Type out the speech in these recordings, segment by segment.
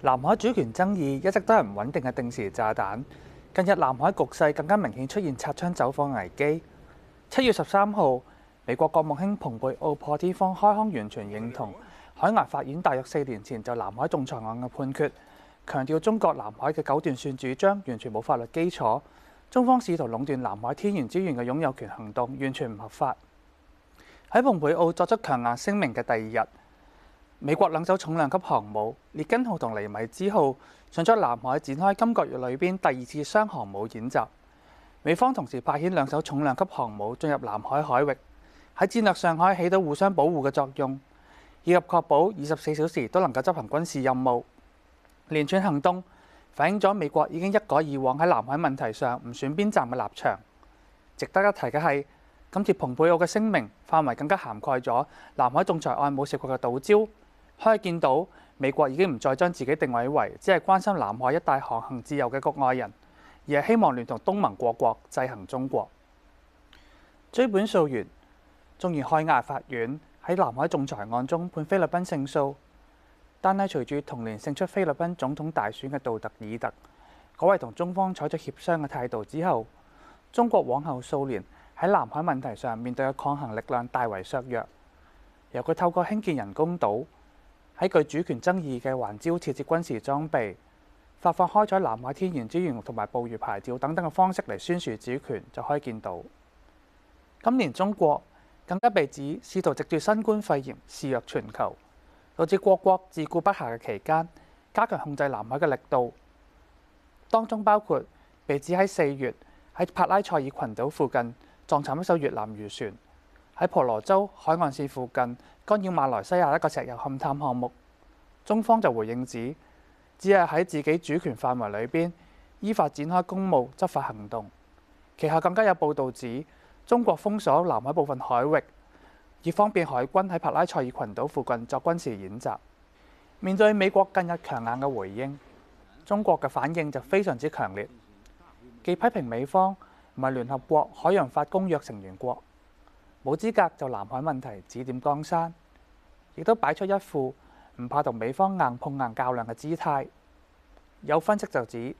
南海主權爭議一直都係唔穩定嘅定時炸彈。近日南海局勢更加明顯出現擦槍走火危機。七月十三號，美國國務卿蓬佩奧破天荒開腔，完全認同海牙法院大約四年前就南海仲裁案嘅判決，強調中國南海嘅九段線主張完全冇法律基礎，中方試圖壟斷南海天然資源嘅擁有權行動完全唔合法。喺蓬佩奧作出強硬聲明嘅第二日，美國兩艘重量級航母列根號同尼米茲號，上咗南海展開今個月裏邊第二次雙航母演習。美方同時派遣兩艘重量級航母進入南海海域，喺戰略上可以起到互相保護嘅作用，以及確保二十四小時都能夠執行軍事任務。連串行動反映咗美國已經一改以往喺南海問題上唔選邊站嘅立場。值得一提嘅係，今次蓬佩奧嘅聲明範圍更加涵蓋咗南海仲裁案冇涉過嘅島礁。可以見到，美國已經唔再將自己定位為只係關心南海一帶航行自由嘅國外人，而係希望聯同東盟各國制衡中國。追本溯源，縱然海牙法院喺南海仲裁案中判菲律賓勝訴，但係隨住同年勝出菲律賓總統大選嘅杜特爾特，改為同中方採取協商嘅態度之後，中國往後數年喺南海問題上面對嘅抗衡力量大為削弱。由佢透過興建人工島，喺具主權爭議嘅環礁設置軍事裝備、發放開採南海天然資源同埋捕魚牌照等等嘅方式嚟宣示主權，就可以見到。今年中國更加被指試圖藉住新冠肺炎肆虐全球，導致各國自顧不暇嘅期間，加強控制南海嘅力度，當中包括被指喺四月喺帕拉賽爾群島附近撞沉一艘越南漁船。喺婆羅洲海岸線附近干擾馬來西亞一個石油勘探項目，中方就回應指，只係喺自己主權範圍裏邊依法展開公務執法行動。其後更加有報道指，中國封鎖南海部分海域，以方便海軍喺帕拉塞爾群島附近作軍事演習。面對美國近日強硬嘅回應，中國嘅反應就非常之強烈，既批評美方，唔係聯合國海洋法公約成員國。冇資格就南海問題指點江山，亦都擺出一副唔怕同美方硬碰硬較量嘅姿態。有分析就指，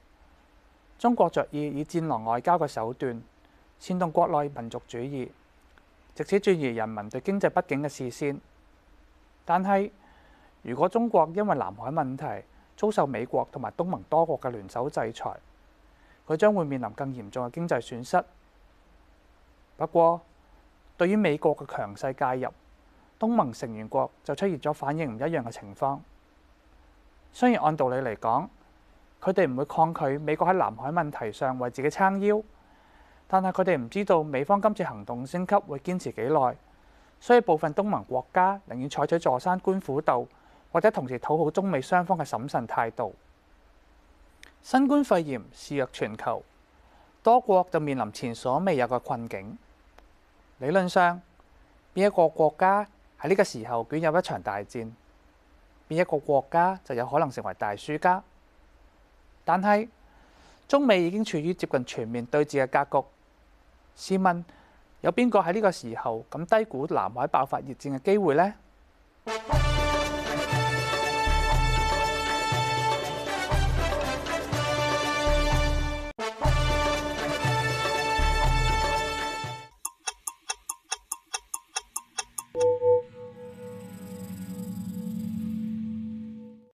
中國着意以戰狼外交嘅手段煽動國內民族主義，藉此轉移人民對經濟不景嘅視線。但係，如果中國因為南海問題遭受美國同埋東盟多國嘅聯手制裁，佢將會面臨更嚴重嘅經濟損失。不過，對於美國嘅強勢介入，東盟成員國就出現咗反應唔一樣嘅情況。雖然按道理嚟講，佢哋唔會抗拒美國喺南海問題上為自己撐腰，但係佢哋唔知道美方今次行動升級會堅持幾耐，所以部分東盟國家寧願採取坐山觀虎鬥，或者同時討好中美雙方嘅審慎態度。新冠肺炎肆虐全球，多國就面臨前所未有嘅困境。理論上，邊一個國家喺呢個時候捲入一場大戰，邊一個國家就有可能成為大輸家。但係，中美已經處於接近全面對峙嘅格局，試問有邊個喺呢個時候敢低估南海爆發熱戰嘅機會呢？